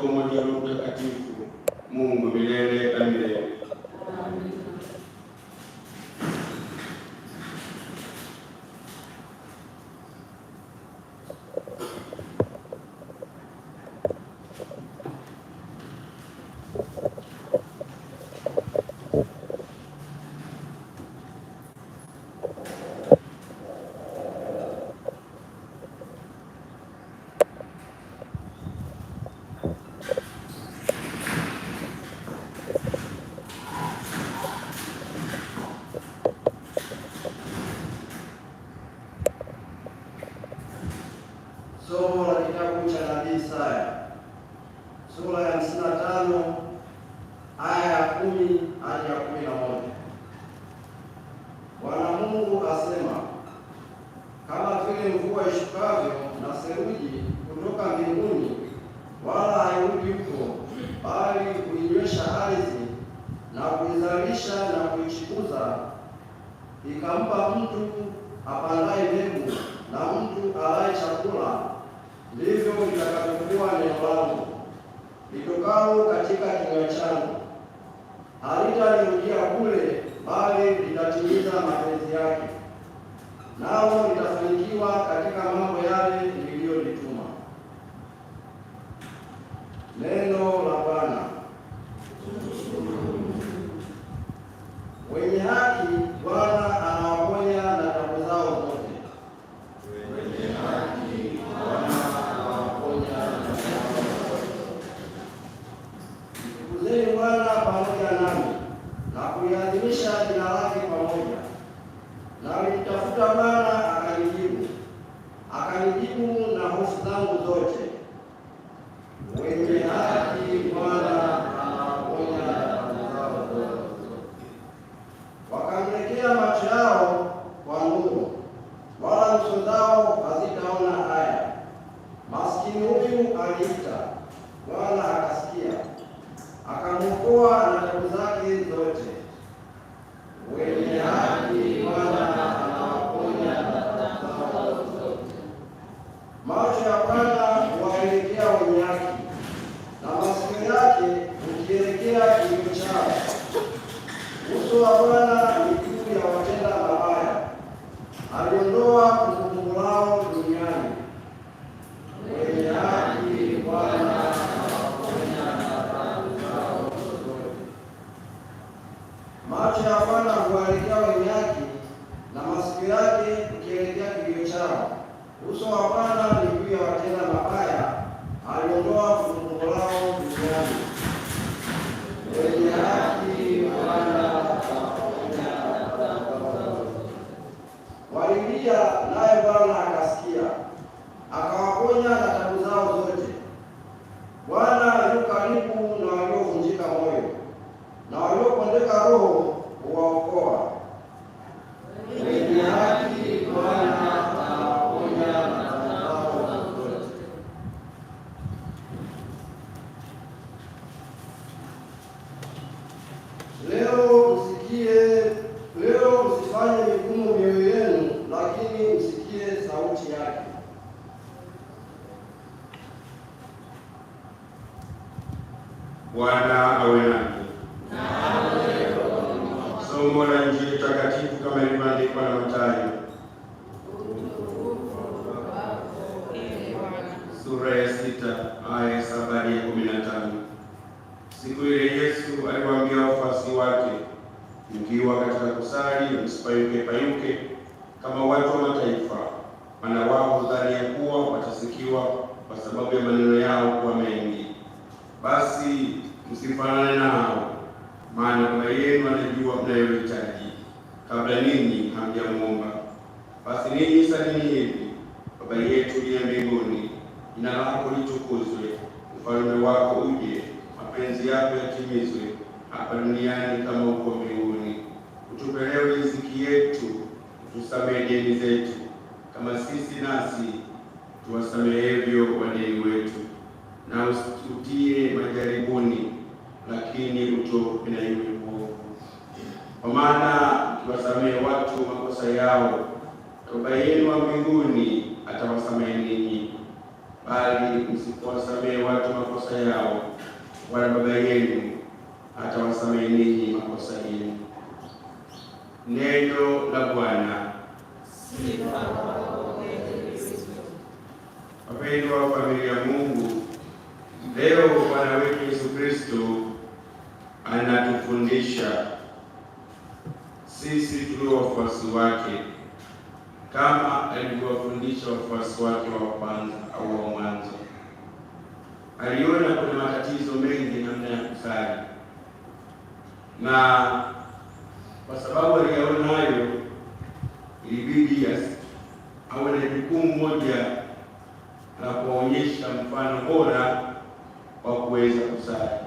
katika umoja wa Mtakatifu Mungu milele. mvua ishukavyo na seruji kutoka mbinguni, wala hairudi huko, bali kuinywesha ardhi na kuizalisha na kuichikuza, ikampa mtu apandaye mbegu na mtu alaye chakula, ndivyo litakavyokuwa neno langu litokalo katika kinywa changu. Halitalirudia kule, bali litatimiza mapenzi yake nao litafanikiwa katika mambo yale niliyonituma. Neno la Bwana. Wenye haki Bwana Bwana awe nanyi. Somo la Injili takatifu kama ilivyoandikwa na Mathayo sura ya sita aya saba hadi ya kumi na tano. Siku ile Yesu aliwaambia wafuasi wake, mkiwa katika kusali msipayuke payuke kama watu wa mataifa msifanane nao, maana Baba yenu anajua mnayohitaji kabla ninyi hamjamwomba. Basi ninyi salini hivi: Baba yetu uliye mbinguni, jina lako litukuzwe, ufalme wako uje, mapenzi yako yatimizwe hapa duniani kama huko mbinguni. Utupe leo riziki yetu, utusamehe deni zetu kama sisi nasi tuwasamehevyo wadeni wetu, na usitutie majaribuni lakini kutokudaiwe uovu. Kwa maana mkiwasamehe watu makosa yao, Baba yenu wa mbinguni atawasamehe ninyi, bali msipowasamehe watu makosa yao, wala Baba yenu atawasamehe ninyi makosa yenu. Neno la Bwana. Wapendwa wa familia Mungu. Leo Bwana wetu Yesu Kristo anatufundisha sisi tulio wafuasi wake kama alivyowafundisha wafuasi wake wa kwanza au wa mwanzo. Aliona kuna matatizo mengi namna ya kusali, na kwa sababu aliyaona hayo, ilibidi awe na jukumu moja la kuwaonyesha mfano bora wa kuweza kusali.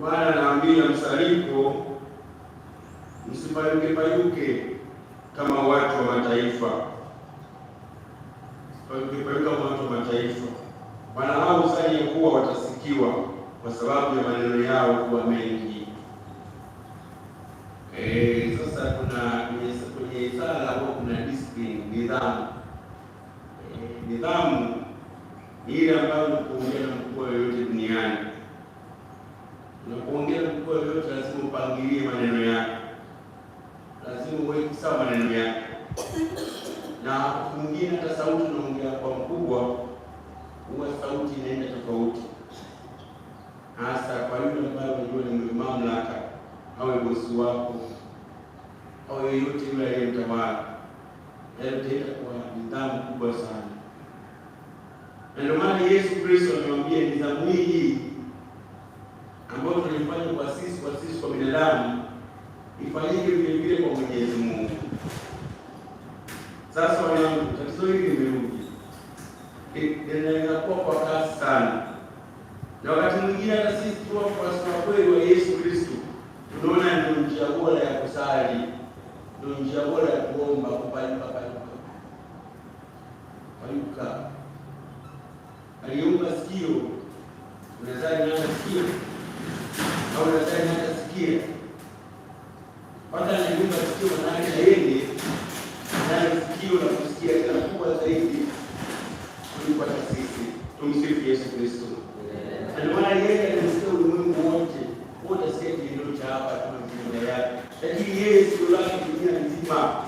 Bwana anaambia msaliko, msipayuke payuke kama watu wa mataifa, payuke payuke kama watu wa mataifa, maana hao usaliye kuwa watasikiwa kwa sababu ya maneno yao kuwa mengi. E, sasa kuna kwenye sala huwa kuna discipline, nidhamu. E, nidhamu ni ile ambayo kuongea na mkubwa yoyote duniani Unapoongea na mkubwa yoyote, lazima upangilie maneno yako, lazima uweke sawa maneno yako. Na mwingine hata sauti unaongea kwa mkubwa, huwa sauti inaenda tofauti, hasa kwa yule ambaye unajua ni mwenye mamlaka, awe bosi wako au yeyote yule aliyemtawala, yalitaenda kwa nidhamu kubwa sana, na ndio maana Yesu Kristo amewambia nidhamu hii kufanya kwa sisi kwa sisi kwa binadamu ifanyike vile vile kwa Mwenyezi Mungu. Sasa wanangu, tatizo hili sikio na kusikia tena kubwa zaidi kuliko hata sisi. Tumsifu Yesu Kristo. Aliona yeye alisikia ulimwengu wote, wote sikia kilio cha hapa tu mbele yake, lakini yeye sikio lake dunia nzima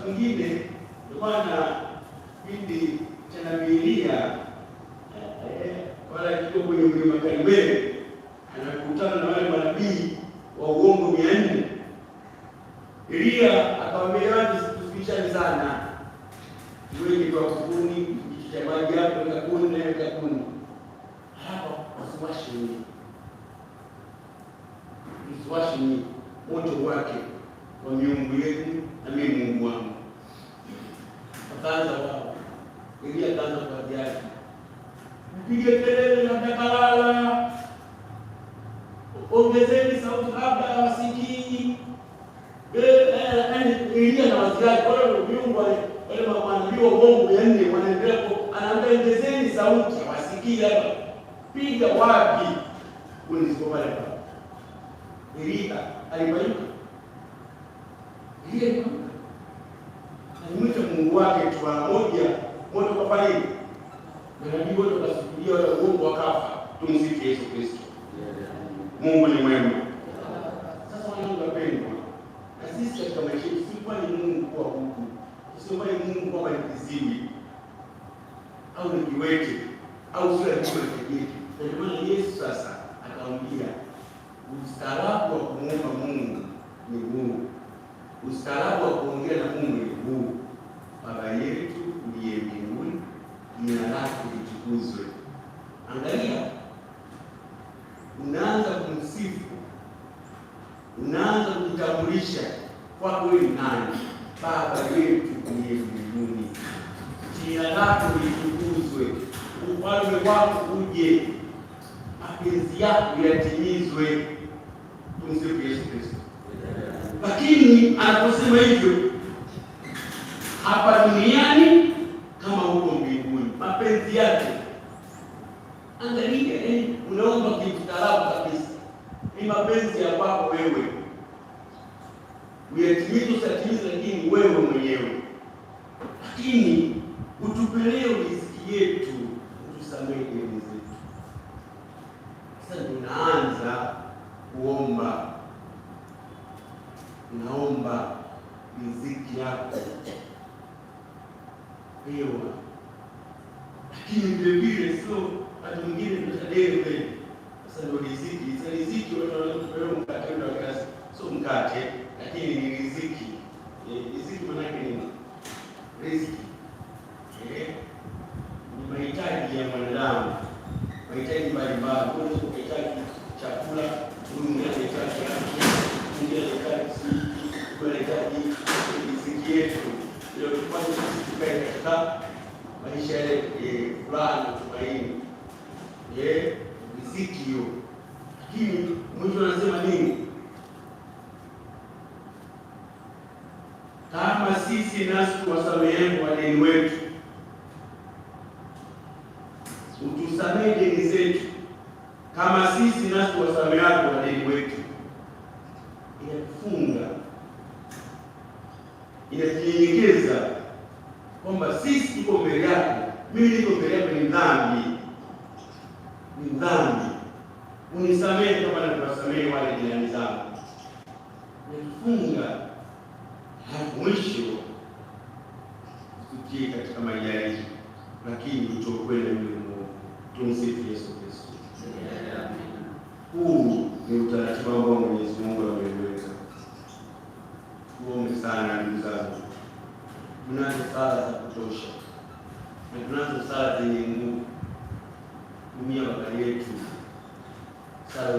wakati mwingine ndio maana kipindi cha Nabilia eh, eh, wala kiko kwenye mlima Kaliwele anakutana na wale manabii wa uongo mia nne. Elia akamwambia watu, sana, iweni kwa kuni kitu cha maji hapo kuni na kuni hapo, wasiwashi ni wasiwashi moto wake wa miungu yetu na mimi Mungu wangu kaza wao, ilia kaza kwa ajali, mpige kelele na mtakalala, ongezeni sauti, labda hawasikii. Elia eh, na waziaji wale viungwa wale eh, eh, mamanilio bongo ya wanaendelea kwa, anaambia ongezeni sauti, hawasikii hapa, piga wapi ulizopale hapa. Elia alibainika Elia Mungu tukasukulia wala uongo wakafa. Tumsifu Yesu Kristo. Mungu ni mwema. Sasa wanangu wapendwa, na sisi katika maisha yetu si kwani Mungu kuwa huku, sio kwani Mungu kwamba ni kiziwi au ni kiwete au sio, ni kiwete. Ndio maana Yesu sasa uje, mapenzi yako yatimizwe. Tumsifu Yesu Kristo. Lakini anaposema hivyo hapa duniani kama huko mbinguni, mapenzi yake. Angalia, yaani unaomba kimstaarabu kabisa, ni mapenzi ya kwako wewe uyatimizwe usatimize, lakini wewe mwenyewe, lakini utupelee riziki yetu yako hewa, lakini vile vile sio watu wengine tunatadele sasa ndio riziki. Sasa riziki wanaopewa mkate ndio kazi, sio mkate, lakini ni riziki. Eh, riziki maana yake nini? Riziki kufunga halafu mwisho tufikie katika majaribu, lakini tutokwenda mlimo. Tumsifu Yesu Kristo. Huu ni utaratibu ambao Mwenyezi Mungu ameweka. Tuombe sana ndugu zangu, tunazo sala za kutosha na tunazo sala zenye nguvu. Tumia wakati wetu sala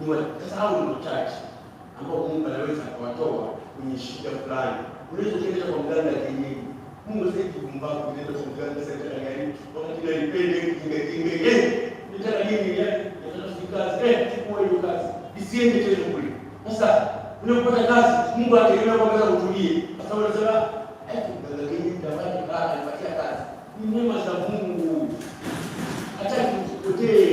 umewasahau ni wachache ambao Mungu anaweza kuwatoa kwenye shida fulani. Unaweza kuenda kwa mganga kienyeji, Mungu sasa kumbavu kuenda kwa mganga sasa tena gani? Wakati ile ipende kinga kinga eh, nitaka nini ya kazi eh, chukua hiyo kazi isiende tena kule. Sasa unapopata kazi, Mungu ataelewa kwamba sasa utulie, kwa unasema eh, mganga kienyeji ndabaki baada ya kazi. Ni neema za Mungu, acha msipotee,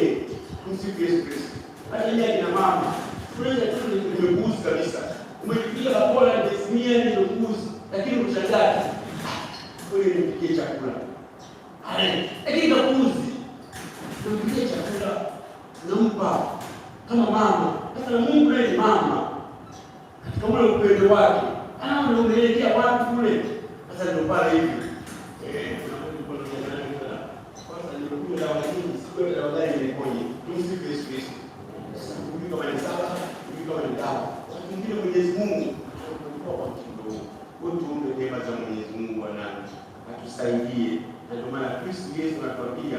msifiwe Yesu hata yeye akina mama tunaenda tu ni kabisa, umejipiga bakora nimesimia ni lakini mshangazi wewe unipikie chakula lakini mguzi unipikie chakula nampa kama mama. Sasa na Mungu ni mama, katika ule upendo wake anaona watu kule. Sasa ndio pale hivi eh, kwanza, ndio kule la wazee siku ya wazee tusaidie. Ndio maana Kristo Yesu anatuambia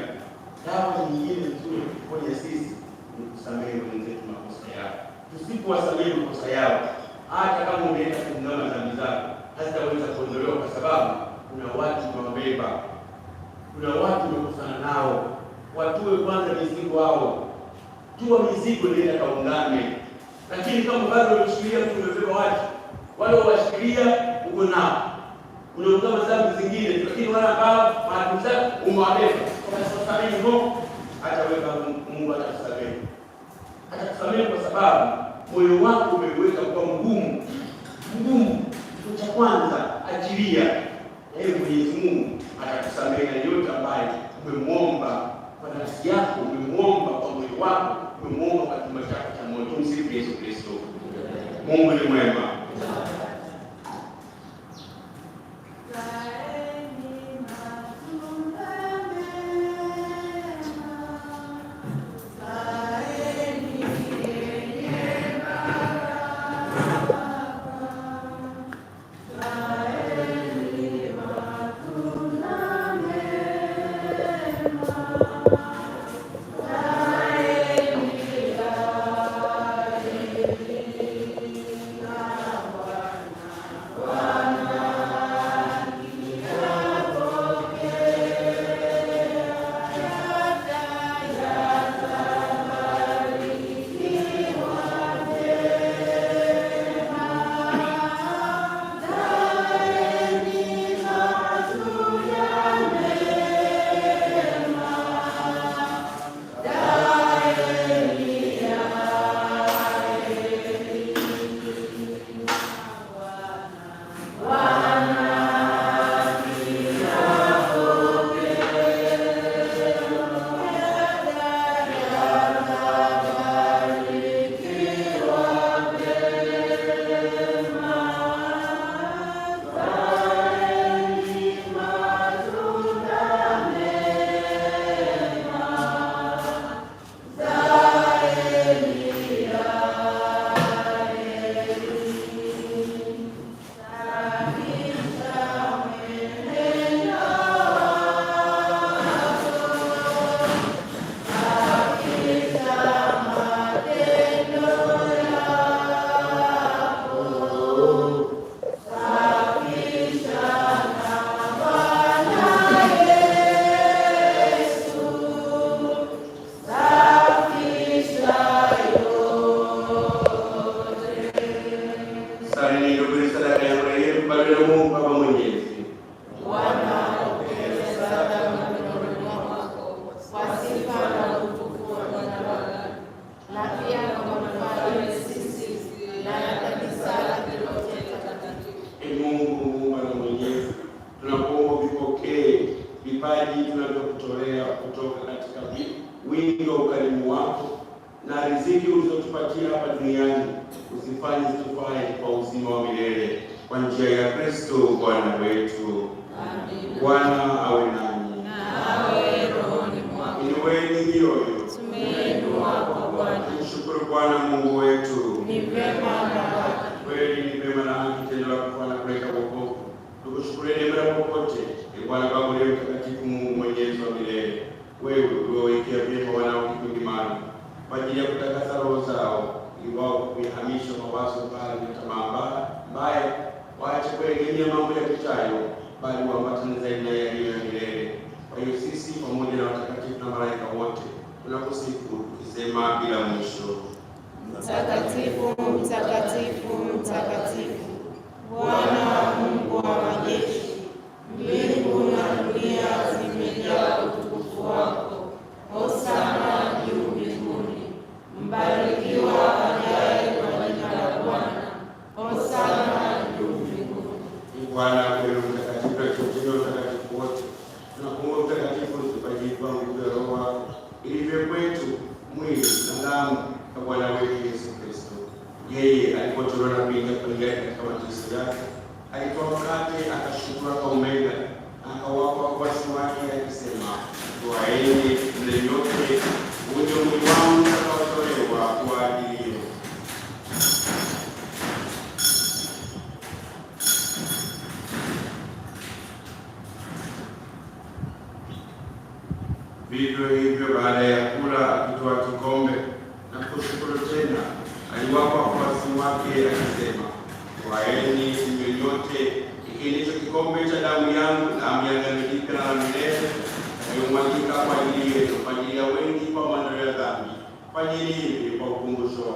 dawa nyingine nzuri kuponya sisi ni kusamehe wenzetu makosa yao. Tusipowasamehe makosa yao, hata kama umeenda kuungama dhambi zako hazitaweza kuondolewa, kwa sababu kuna watu wamebeba, kuna watu wamekutana nao. Watue kwanza mizigo hao, jua mizigo nenda kaungame, lakini kama bado umeshikilia mtu umebeba watu wale washikilia uko nao unaongea masabu zingine, lakini wale ambao wanakuza umwabeba kwa sababu Mungu ataweka Mungu atakusamehe, atakusamehe kwa sababu moyo wako umeweka kwa mgumu mgumu. Kitu cha kwanza achilia, na hiyo Mwenyezi Mungu atakusamehe yote ambayo umemwomba kwa nafsi yako, umemwomba kwa moyo wako, umemwomba kwa kima chako cha moyo. Tumsifu Yesu Kristo. Mungu ni mwema. Bwana awe nanyi. Na awe rohoni mwako. Inueni mioyo. Bwana Панелиев Павел Кундышева.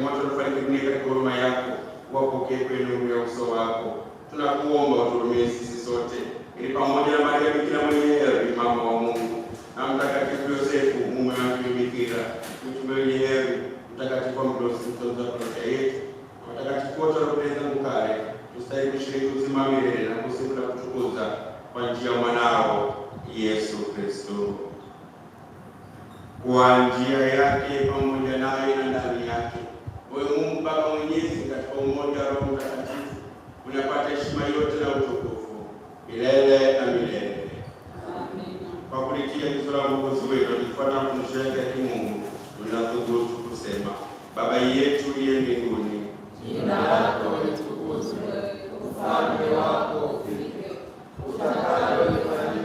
mwanzo wote katika huruma yako, wapokee kwenye nuru ya uso wako. Tunakuomba uturumie sisi sote, ili pamoja na Maria Bikira mwenye mama wa Mungu, na Mtakatifu Yosefu, mume wake Bikira, mtume mwenye heri, Mtakatifu Ambrose, mtunza parokia yetu, watakatifu wote waliopendeza kukale, tustahili kushiriki uzima wa milele na kusifu na kutukuza kwa njia ya mwanao Yesu Kristo. Kwa njia yake, pamoja naye na ndani yake wewe Mungu Baba Mwenyezi, katika umoja wa Roho Mtakatifu unapata heshima yote na utukufu milele na milele. Kwa kulitia jizo la Mwokozi wetu tukifuata kumsherehekea Mungu, tunathubutu kusema: Baba yetu uliye mbinguni, jina lako litukuzwe, ufalme wako ufike, utakalo lifanyike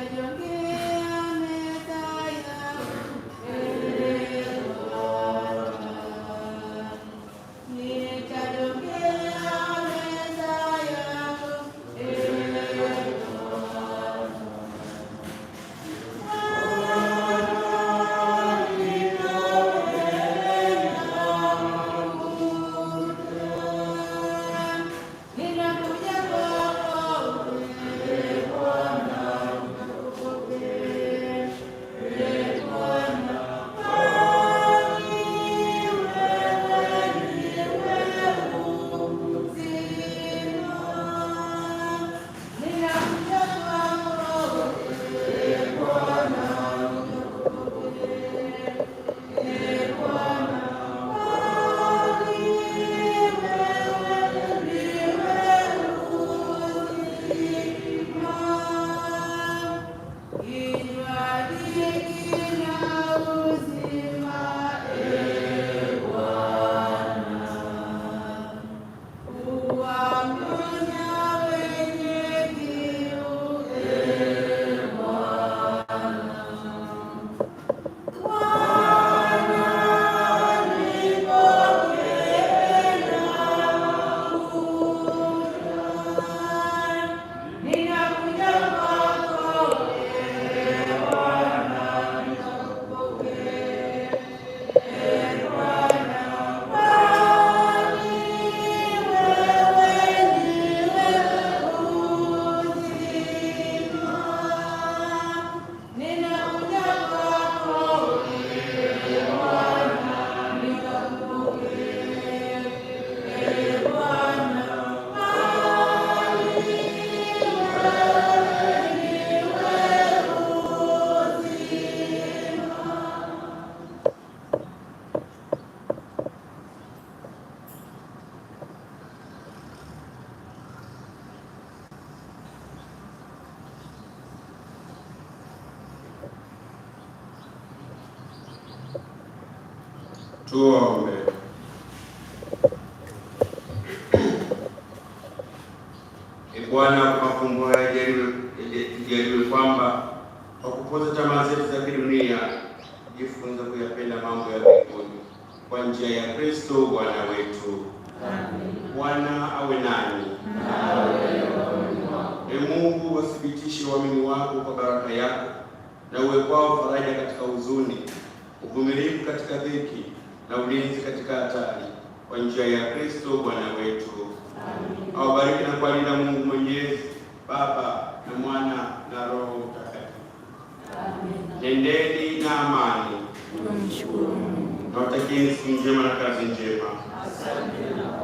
Did I do anything? wao faraja katika huzuni, uvumilivu katika dhiki na ulinzi katika hatari, kwa njia ya Kristo Bwana wetu. Awabariki na kuwalinda Mungu Mwenyezi, Baba na Mwana na Roho Mtakatifu. Nendeni na amani. Nawatakieni siku njema na kazi njema. Asante.